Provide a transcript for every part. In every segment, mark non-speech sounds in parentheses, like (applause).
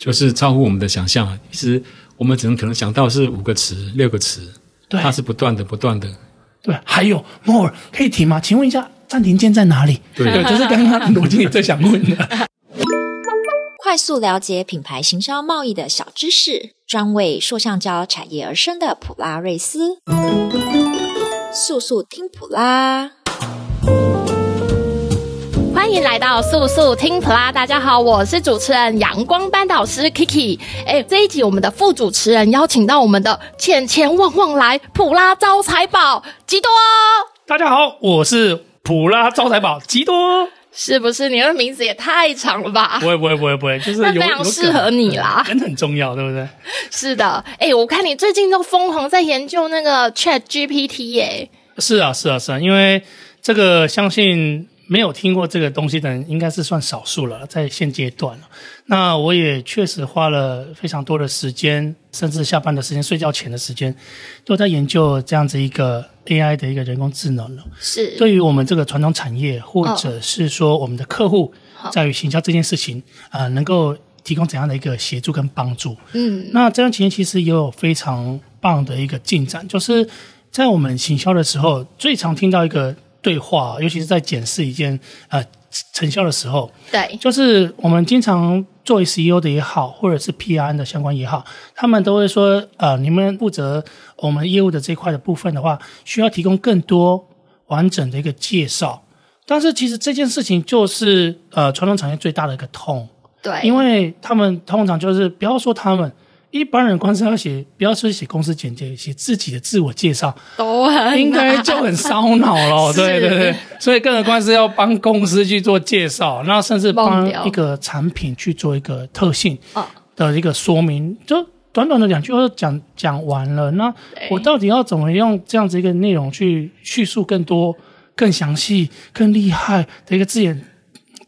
就是超乎我們的想象，其實我們只能可能想到是五個詞、六個詞，對它是不斷的、不斷的。對，還有 more 可以停嗎？請問一下暫停鍵在哪裡？對，就是剛剛羅經理 (laughs) 也在想問的。 (laughs) 快速了解品牌行銷貿易的小知識，專為塑橡膠產業而生的普拉瑞斯，速速聽普拉。歡迎來到塑塑聽普拉，大家好，我是主持人陽光班導師 Kiki。哎，這一集我們的副主持人邀請到我們的錢錢旺旺來普拉招財寶吉多。大家好，我是普拉招財寶吉多。是不是你的名字也太長了吧？不會不會不會不會，就是有 (laughs) 那非常適合你啦。人很重要，對不對？是的。哎，我看你最近都瘋狂在研究那個 ChatGPT、欸。哎、啊，是啊是啊是啊，因為這個相信。沒有聽過這個東西的人，應該是算少數了。在現階段，那我也確實花了非常多的時間，甚至下班的時間、睡覺前的時間，都在研究這樣子一個 AI 的一個人工智能了。是，對於我們這個傳統產業，或者是說我們的客戶，在於行銷這件事情，啊好、呃，能夠提供怎樣的一個協助跟幫助？嗯，那這段期間其實也有非常棒的一個進展，就是在我們行銷的時候，嗯、最常聽到一個。對話，尤其是在檢視一件呃成效的時候，對，就是我們經常做 SEO 的也好，或者是 PR 的相關也好，他們都會說，呃，你們負責我們業務的這塊的部分的話，需要提供更多完整的一個介紹。但是其實這件事情就是呃，傳統產業最大的一個痛，對，因為他們通常就是不要說他們。一般人光是要寫，不要說是寫公司簡介，寫自己的自我介紹，很應該就很燒腦了。 (laughs) 是對對對，所以更何況是要幫公司去做介紹，那甚至幫一個產品去做一個特性啊的一個說明，就短短的兩句就講講完了。那對我到底要怎麼用這樣子一個內容去敘述更多，更詳細，更厲害的一個字眼，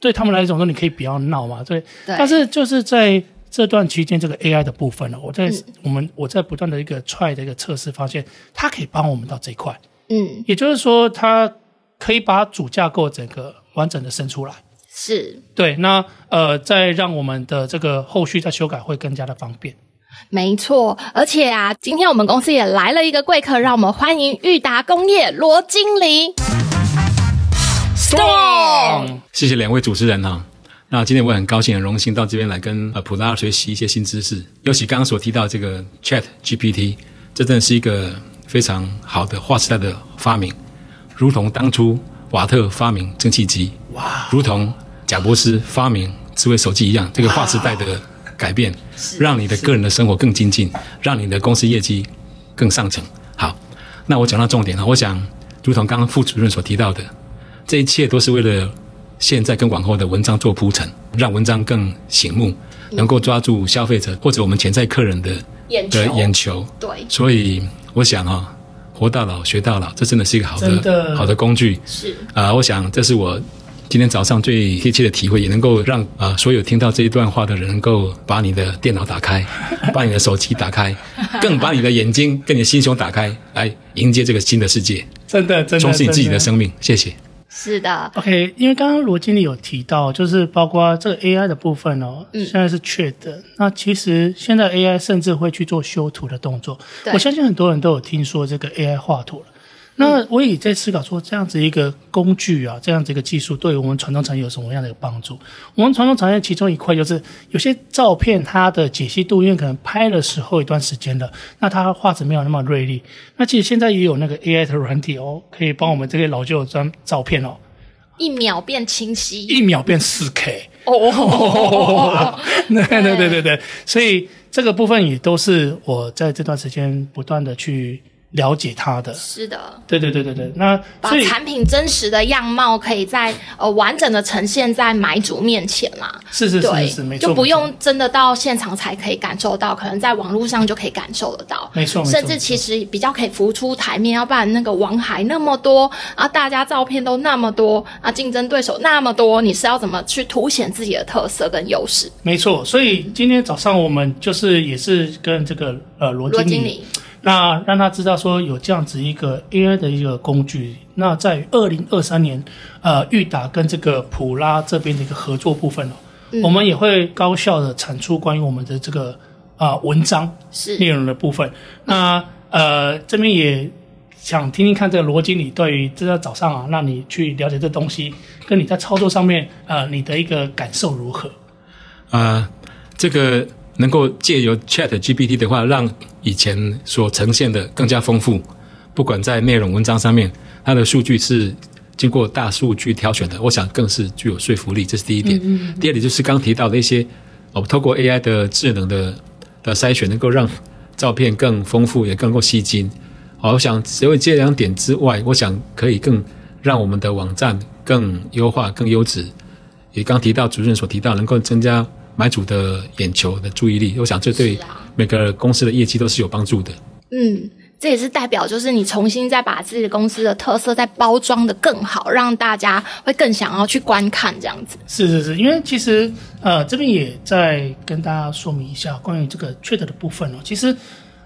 對他們來講，說你可以不要鬧嘛，對？對但是就是在。這段期間，這個 AI 的部分呢，我在我們我在不斷的一個 try 的一個測試，發現它可以幫我們到這一塊。嗯，也就是說，它可以把主架構整個完整的生出來。是，對，那呃，再讓我們的這個後續再修改會更加的方便、嗯。呃、方便沒錯，而且啊，今天我們公司也來了一個貴客，讓我們歡迎鈺達工業羅經理。Stone，謝謝兩位主持人哈、啊。那今天我很高興、很榮幸到這邊來跟呃普拉學習一些新知識，尤其剛剛所提到這個 ChatGPT，這真的是一個非常好的劃時代的發明，如同當初瓦特發明蒸汽機，哇，如同賈伯斯發明智慧手機一樣，這個劃時代的改變，讓你的個人的生活更精進，讓你的公司業績更上層。好，那我講到重點了，我想如同剛剛副主任所提到的，這一切都是為了。現在跟往後的文章做鋪陳，讓文章更醒目，能夠抓住消費者或者我們潛在客人的眼球。眼球對所以我想啊、哦，活到老學到老，這真的是一個好的,的好的工具。是。啊、呃，我想這是我今天早上最貼切的體會，也能夠讓啊、呃、所有聽到這一段話的人，能夠把你的電腦打開， (laughs) 把你的手機打開，更把你的眼睛、跟你的心胸打開，來迎接這個新的世界。真的，真的。重視你自己的生命，的謝謝。是的，OK，因為剛剛羅經理有提到，就是包括這個 AI 的部分哦，嗯，現在是缺的。那其實現在 AI 甚至會去做修圖的動作，對我相信很多人都有聽說這個 AI 畫圖了。那我也在思考說，這樣子一個工具啊，這樣子一個技術，對於我們傳統產業有什麼樣的幫助？我們傳統產業其中一塊就是有些照片，它的解析度因為可能拍的時候一段時間了，那它畫質沒有那麼銳利。那其實現在也有那個 AI 的軟體哦，可以幫我們這些老舊的張照片哦，一秒變清晰，一秒變四 K 哦。對對對對，對對對，所以這個部分也都是我在這段時間不斷的去。了解他的，是的，對對對對對。那把產品真實的樣貌，可以在呃完整的呈現在買主面前啦。是是是是，沒錯。就不用真的到現場才可以感受到，沒錯，可能在網絡上就可以感受得到。沒錯沒錯。甚至其實比較可以浮出台面，要不然那個網海那麼多啊，大家照片都那麼多啊，競爭對手那麼多，你是要怎麼去凸顯自己的特色跟優勢？沒錯。所以今天早上我們就是也是跟這個呃羅經理。羅那讓他知道說有這樣子一個 AI 的一個工具。那在二零二三年，呃，鈺達跟這個普拉這邊的一個合作部分、嗯、我們也會高效的產出關於我們的這個啊、呃、文章是內容的部分。那呃，這邊也想聽聽看這個羅經理對於這在早上啊，讓你去了解這東西，跟你在操作上面呃，你的一個感受如何？呃，這個。能夠借由 ChatGPT 的話，讓以前所呈現的更加豐富，不管在內容文章上面，它的數據是經過大數據挑選的，我想更是具有說服力。這是第一點。嗯嗯嗯，第二點就是剛提到的一些，我、哦、們透過 AI 的智能的的篩選，能夠讓照片更豐富，也更夠吸睛。好、哦，我想只有這兩點之外，我想可以更讓我們的網站更優化、更優質。也剛提到主任所提到，能夠增加。買主的眼球的注意力，我想這對每個公司的業績都是有幫助的。啊、嗯，這也是代表就是你重新再把自己的公司的特色再包裝得更好，讓大家會更想要去觀看這樣子。是是是，因為其實呃這邊也在跟大家說明一下關於這個 ChatGPT 的部分哦。其實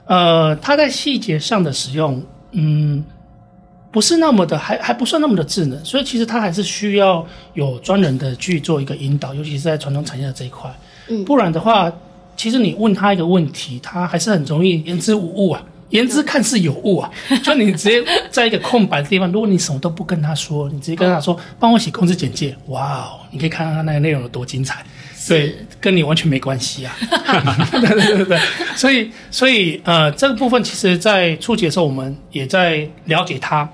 呃它在細節上的使用，嗯。不是那麼的，還還不算那麼的智能，所以其實他還是需要有專人的去做一個引導，尤其是在傳統產業的這一塊，嗯、不然的話，其實你問他一個問題，他還是很容易言之無物啊，言之看似有物啊，就你直接在一個空白的地方， (laughs) 如果你什麼都不跟他說，你直接跟他說、嗯、幫我寫公司簡介，哇、哦，你可以看到他那個內容有多精彩，是對，跟你完全沒關係啊， (laughs) 對，對對對，所以所以呃，這個部分其實在初期的時候，我們也在了解他，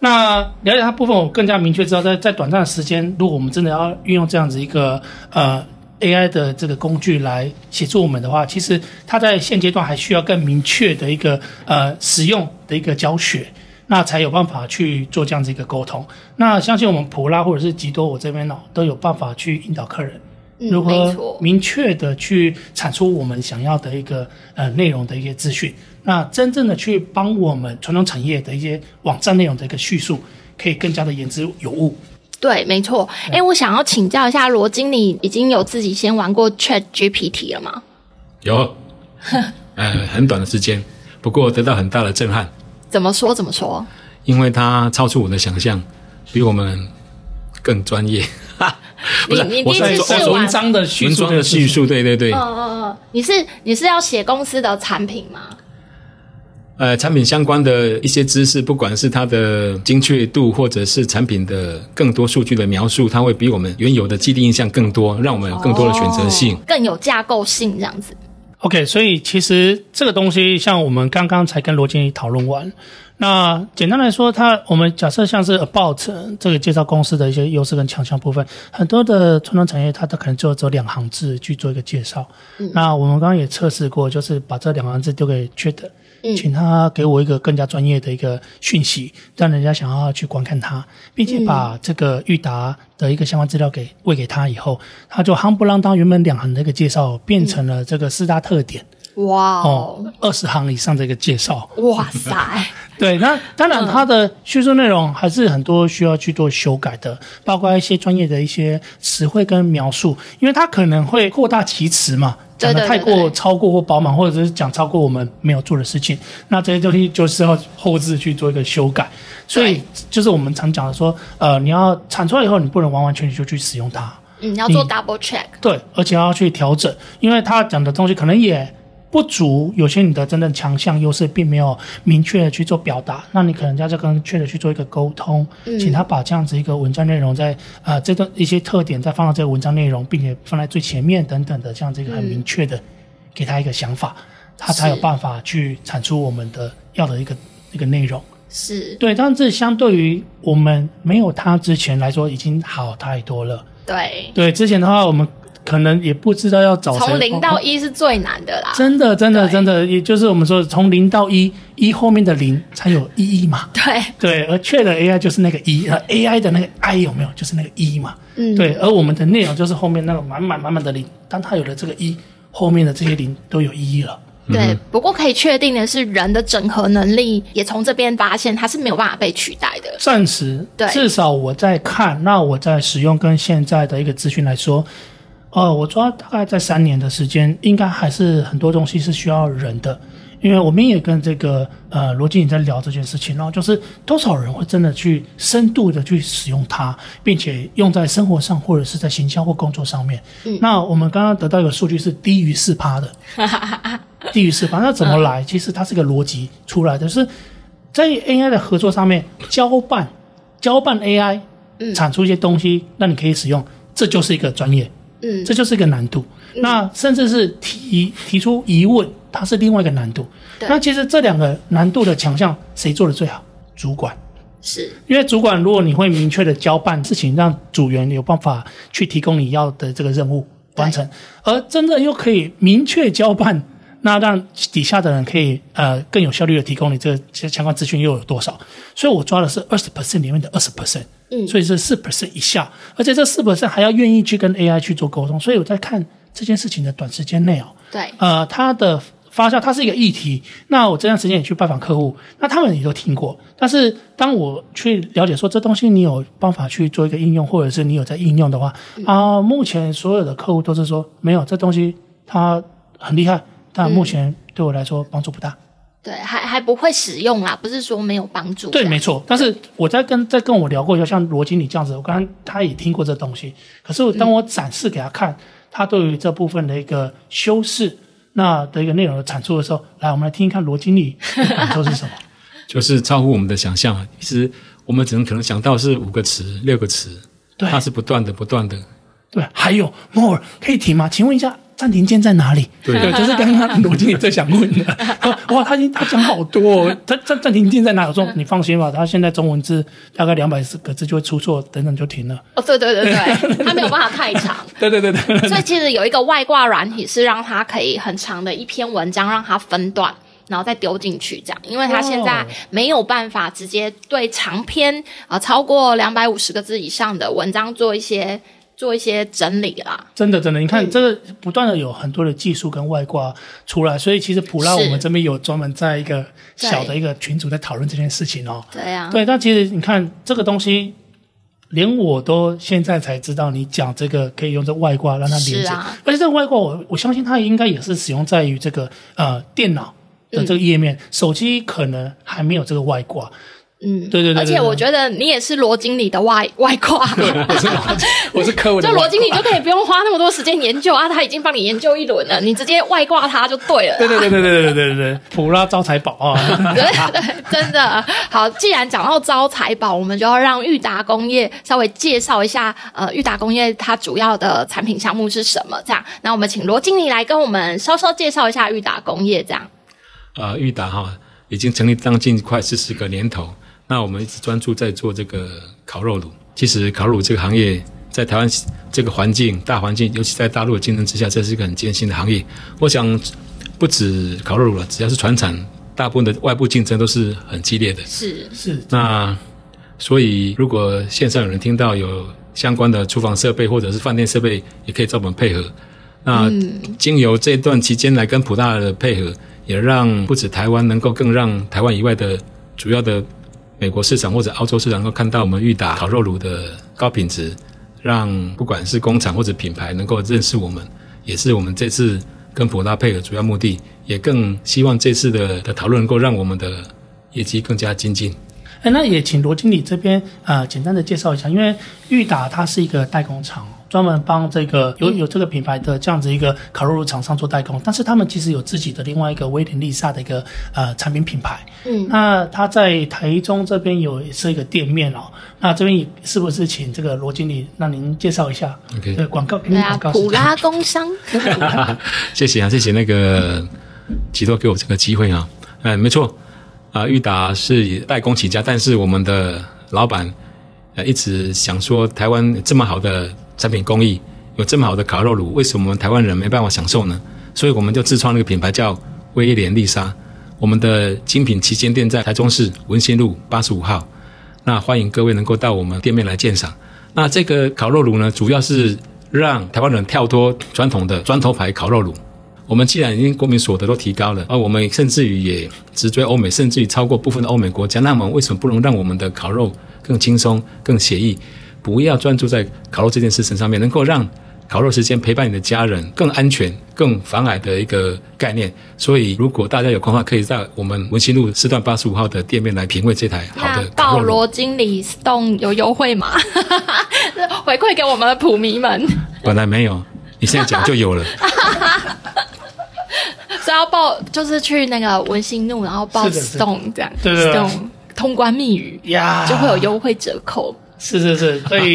那了解它部分，我更加明確知道，在在短暫的時間，如果我們真的要運用這樣子一個呃 AI 的這個工具來協助我們的話，其實它在現階段還需要更明確的一個呃使用的一個教學，那才有辦法去做這樣子一個溝通。那相信我們普拉或者是吉多，我這邊哦都有辦法去引導客人如何明確的去產出我們想要的一個呃內容的一些資訊。那真正的去幫我們傳統產業的一些網站內容的一個敘述，可以更加的言之有物。對，沒錯。哎、對、欸，我想要請教一下羅經理，已經有自己先玩過 ChatGPT 了嗎？有，呃，很短的時間，不過得到很大的震撼。 (laughs) 怎麼說？怎麼說？因為它超出我的想象，比我們更專業。 (laughs) 不是你你我是寫文章的敘述，文章的敘述，對對對。哦哦哦，你是你是要寫公司的產品嗎？呃，產品相關的一些知識，不管是它的精確度，或者是產品的更多數據的描述，它會比我們原有的既定印象更多，讓我們有更多的選擇性、哦，更有架構性這樣子。OK，所以其實這個東西，像我們剛剛才跟羅經理討論完，那簡單來說，它我們假設像是 about 這個介紹公司的一些優勢跟強項部分，很多的傳統產業它都可能只有兩行字去做一個介紹。嗯、那我們剛剛也測試過，就是把這兩行字丟給 ChatGPT 請他給我一個更加專業的一個訊息，讓人家想要去觀看他，並且把這個鈺達的一個相關資料給餵給他以後，他就夯不啷當，原本兩行的一個介紹變成了這個四大特點。嗯哇哦，二十 Wow、嗯、行以上的一個介紹，哇塞！ (laughs) 對，那當然它的敘述內容還是很多需要去做修改的，包括一些專業的一些詞彙跟描述，因為它可能會誇大其詞嘛，講的太過超過或飽滿，對對對對，或者是講超過我們沒有做的事情，那這些東西就是要後製去做一個修改。所以對就是我們常講的說，呃，你要產出來以後，你不能完完全全就去使用它，嗯、你要做 double check，對，而且要去調整，因為它講的東西可能也。不足，有些你的真正強項優勢並沒有明確的去做表達，那你可能在這更確的去做一個溝通，嗯、請他把這樣子一個文章內容在啊、呃、這一段一些特點再放到這個文章內容，並且放在最前面等等的這樣子一個很明確的給他一個想法，嗯、他才有辦法去產出我們的要的一個一個內容。是對，但是相對於我們沒有他之前來說，已經好太多了。對對，之前的話我們。可能也不知道要找誰。從零到一是最難的啦。哦、真的，真的，對真的，也就是我們說從零到一，一後面的零才有意義嘛。對對，而確的 AI 就是那個一，而 AI 的那個 I 有沒有就是那個一嘛。嗯，對，而我們的內容就是後面那個滿滿滿滿的零，當它有了這個一，後面的這些零都有意義了。對，不過可以確定的是，人的整合能力也從這邊發現它是沒有辦法被取代的。暫時，對，至少我在看，那我在使用跟現在的一個資訊來說。哦，我抓大概在三年的時間，應該還是很多東西是需要人的，因為我們也跟這個呃羅經理在聊這件事情，然後就是多少人會真的去深度的去使用它，並且用在生活上或者是在行銷或工作上面。嗯、那我們剛剛得到一個數據是低於四趴的， (laughs) 低於四趴，那怎麼來？其實它是一個邏輯出來的，就是在 AI 的合作上面交辦交辦 AI 產出一些東西，那你可以使用，嗯、這就是一個專業。嗯，這就是一個難度。嗯、那甚至是提提出疑問，它是另外一個難度。對那其實這兩個難度的強項，誰做的最好？主管。是。因為主管如果你會明確的交辦事情，讓組員有辦法去提供你要的這個任務完成，對而真正又可以明確交辦。那讓底下的人可以呃更有效率的提供你這個相關資訊又有多少？所以我抓的是二十 percent 裡面的二十 percent，嗯，所以是四 percent 以下，而且這四 percent 還要願意去跟 AI 去做溝通。所以我在看這件事情的短時間內哦，對，呃、呃，它的發酵，它是一個議題。那我這段時間也去拜訪客戶，那他們也都聽過。但是當我去了解說這東西你有辦法去做一個應用，或者是你有在應用的話，啊，目前所有的客戶都是說沒有這東西，它很厲害。但目前對我來說幫助不大。嗯、對，還還不會使用啦，不是說沒有幫助。對，沒錯。但是我在跟在跟我聊過，就像羅經理這樣子，我剛剛他也聽過這東西。可是當我展示給他看，嗯、他對於這部分的一個修飾那的一個內容的產出的時候，來，我們來聽一看羅經理的感受是什麼，就是超乎我們的想象。其實我們只能可能想到是五個詞、六個詞，對。它是不斷的、不斷的。對，還有 more 可以提嗎？請問一下。暫停鍵在哪裡？對，對，就是剛剛羅經理在想問的。 (laughs) 哇，他已經他講好多哦。他暫暫停鍵在哪？說你放心吧，他現在中文字大概兩百四個字就會出錯，等等就停了。哦，對對對對， (laughs) 他沒有辦法太長。 (laughs) 對對對對,對。所以其實有一個外掛軟體，是讓他可以很長的一篇文章，讓他分段，然後再丟進去這樣，因為他現在沒有辦法直接對長篇啊、哦呃、超過兩百五十個字以上的文章做一些。做一些整理啦，真的真的，你看，嗯、這個不斷的有很多的技術跟外掛出來，所以其實普拉我們這邊有專門在一個小的一個群組在討論這件事情哦。對啊，對，但其實你看這個東西，連我都現在才知道，你講這個可以用這個外掛讓它連接，啊、而且這個外掛我我相信它應該也是使用在於這個呃電腦的這個頁面，嗯、手機可能還沒有這個外掛。嗯，對對對，而且我覺得你也是羅經理的外外掛，我是我是科文，就羅經理就可以不用花那麼多時間研究啊，他已經幫你研究一輪了，你直接外掛他就對了。對對對對對對對對對，普拉招財寶啊，對對，真的。好，既然講到招財寶，我們就要讓鈺達工業稍微介紹一下，呃，鈺達工業它主要的產品項目是什麼？這樣，那我們請羅經理來跟我們稍稍介紹一下鈺達工業這樣。呃，鈺達哈已經成立將近快四十個年頭。那我們一直專注在做這個烤肉爐。其實烤肉爐這個行業，在台灣這個環境、大環境，尤其在大陸的競爭之下，這是一個很艱辛的行業。我想，不止烤肉爐了，只要是傳產，大部分的外部競爭都是很激烈的。是是。是是，那所以，如果線上有人聽到有相關的廚房設備或者是飯店設備，也可以找我們配合。那經由這一段期間來跟普大的配合，也讓不止台灣能夠，更讓台灣以外的主要的。美國市場或者澳洲市場，能夠看到我們鈺達烤肉爐的高品質，讓不管是工廠或者品牌能夠認識我們，也是我們這次跟普拉配合主要目的，也更希望這次的的討論能夠讓我們的業績更加精進。哎，那也請羅經理這邊啊、呃、簡單的介紹一下，因為鈺達它是一個代工廠。專門幫這個有有這個品牌的這樣子一個烤肉爐廠商做代工，但是他們其實有自己的另外一個威廉麗莎的一個呃產品品牌。嗯，那他在台中這邊有是一個店面哦。那這邊是不是請這個羅經理？讓您介紹一下。Okay 這個對，廣告普啊，普、嗯、拉工商。 (laughs) (laughs) 謝謝啊，謝謝那個吉多給我這個機會啊。哎，沒錯，啊，鈺達是以代工起家，但是我們的老板呃、啊、一直想說台灣這麼好的。產品工藝有這麼好的烤肉爐，為什麼我們台灣人沒辦法享受呢？所以我們就自創了一個品牌叫威廉麗莎。我們的精品旗艦店在台中市文心路八十五號，那歡迎各位能夠到我們店面來鑑賞。那這個烤肉爐呢，主要是讓台灣人跳脫傳統的磚頭牌烤肉爐。我們既然已經國民所得都提高了，而我們甚至於也直追歐美，甚至於超過部分的歐美國家，那我們為什麼不能讓我們的烤肉更輕鬆、更寫意？不要專注在烤肉這件事情上面，能夠讓烤肉時間陪伴你的家人更安全、更防癌的一個概念。所以，如果大家有空的話，可以在我們文心路四段八十五號的店面來品味這台好的烤肉爐，啊、報羅經理 Stone 有優惠嗎？ (laughs) 回饋給我們的普迷們。本來沒有，你現在講就有了。 (laughs) (laughs) 所以要報就是去那個文心路，然後報 stone 這樣，Stone，通關密語，Yeah. 就會有優惠折扣。是是是，所以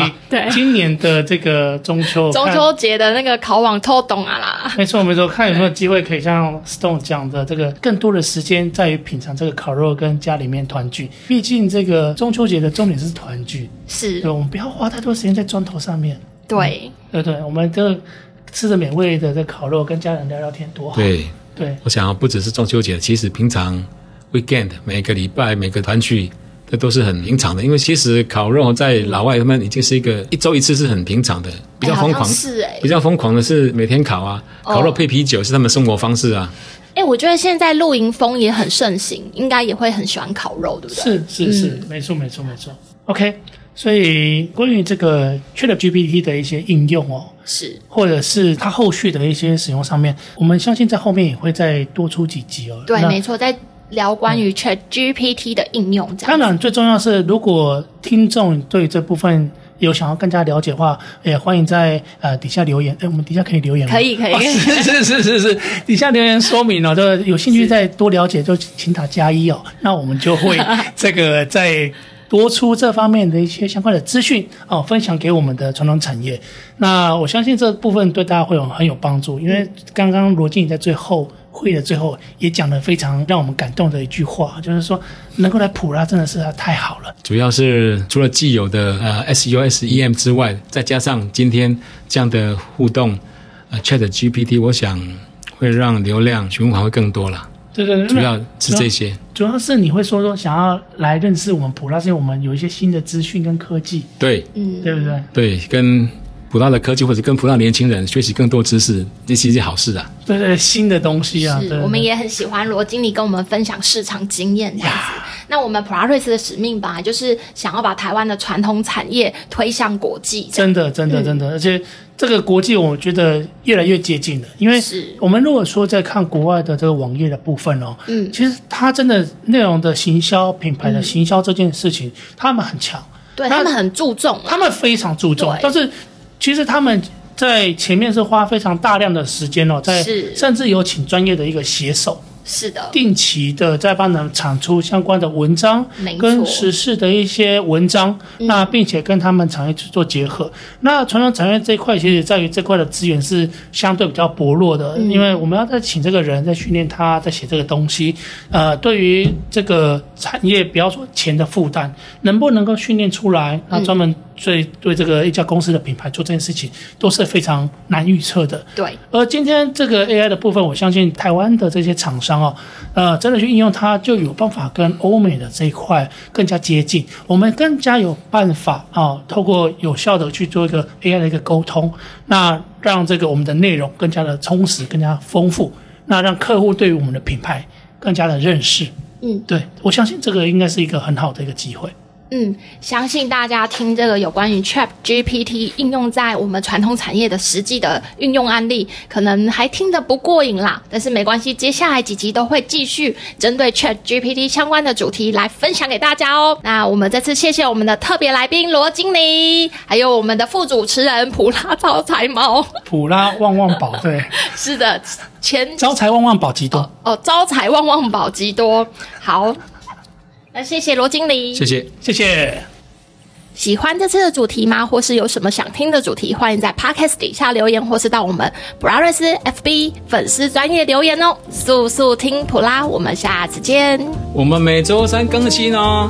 今年的這個中秋 (laughs) 對看中秋節的那個烤網偷動啊啦，沒錯沒錯，看有沒有機會可以像 Stone 講的這個，更多的時間在於品嘗這個烤肉跟家裡面團聚，畢竟這個中秋節的重點是團聚，是對，我們不要花太多時間在磚頭上面，對、嗯、對對，我們就吃着美味的這烤肉跟家人聊聊天多好，對對，對我想不只是中秋節，其實平常 weekend 每個禮拜每個團聚。這都是很平常的，因為其實烤肉在老外他們已經是一個一周一次是很平常的，比較瘋狂，欸、是、欸、比較瘋狂的是每天烤啊，哦、烤肉配啤酒是他們生活方式啊。哎、欸，我覺得現在露營風也很盛行，應該也會很喜歡烤肉，對不對？是是是、嗯沒，沒錯沒錯沒錯。OK，所以關於這個 ChatGPT 的一些應用哦，是，或者是它後續的一些使用上面，我們相信在後面也會再多出幾集哦。對，那沒錯，在。聊關於 ChatGPT 的應用，這樣。當然，最重要是，如果聽眾對這部分有想要更加了解的話，也歡迎在呃底下留言。哎、欸，我們底下可以留言嗎？可以，可以。哦、是是是是是，底下留言說明了、哦，就有興趣再多了解是就請打加一哦，那我們就會這個再多出這方面的一些相關的資訊哦， (laughs) 分享給我們的傳統產業。那我相信這部分對大家會有很有幫助，因為剛剛羅經理在最後。會的最後也講了非常讓我們感動的一句話，就是說能夠來普拉真的是太好了。主要是除了既有的呃 S U S E M 之外，再加上今天這樣的互動，呃 ChatGPT，我想會讓流量循環會更多了。對對對，主要是這些。主要是你會說說想要來認識我們普拉，是因為我們有一些新的資訊跟科技。對，嗯，對不對？對，跟。普拉的科技，或者跟普拉年輕人學習更多知識，這是一件好事啊！對對，新的東西啊！我們也很喜歡羅經理跟我們分享市場經驗這樣子。那我們普拉瑞斯的使命吧，就是想要把台灣的傳統產業推向國際。真的，真的，真的！而且這個國際，我覺得越來越接近了，因為我們如果說在看國外的這個網頁的部分哦，嗯，其實他真的內容的行銷、品牌的行銷這件事情，他們很強，對他們很注重，他們非常注重，但是。其實他們在前面是花非常大量的時間哦，在甚至有請專業的一個寫手，是的，定期的在幫他們產出相關的文章，跟時事的一些文章，沒錯。那並且跟他們產業去做結合。嗯、那傳統產業這一塊，其實在於這塊的資源是相對比較薄弱的，嗯、因為我們要再請這個人，再訓練他，再寫這個東西，呃，對於這個產業，不要說錢的負擔，能不能夠訓練出來，那專門、嗯。所以，對這個一家公司的品牌做這件事情都是非常難預測的。對。而今天這個 AI 的部分，我相信台灣的這些廠商哦，呃，真的去應用它，就有辦法跟歐美的這一塊更加接近。我們更加有辦法啊，透過有效的去做一個 AI 的一個溝通，那讓這個我們的內容更加的充實、更加豐富，那讓客戶對於我們的品牌更加的認識。嗯，對，我相信這個應該是一個很好的一個機會。嗯，相信大家聽這個有關於 ChatGPT 應用在我們傳統產業的實際的運用案例，可能還聽得不過癮啦。但是沒關係，接下來幾集都會繼續針對 ChatGPT 相關的主題來分享給大家哦、喔。那我們這次謝謝我們的特別來賓羅經理，還有我們的副主持人普拉招財貓，普拉旺旺寶，對， (laughs) 是的，前招財旺旺寶極多哦，哦，招財旺旺寶極多，好。那謝謝羅經理，謝謝謝謝。謝謝。喜歡這次的主題嗎？或是有什麼想聽的主題？歡迎在 podcast 底下留言，或是到我們普拉瑞斯 FB 粉絲專頁留言哦。塑塑聽普拉，我們下次見。我們每周三更新哦。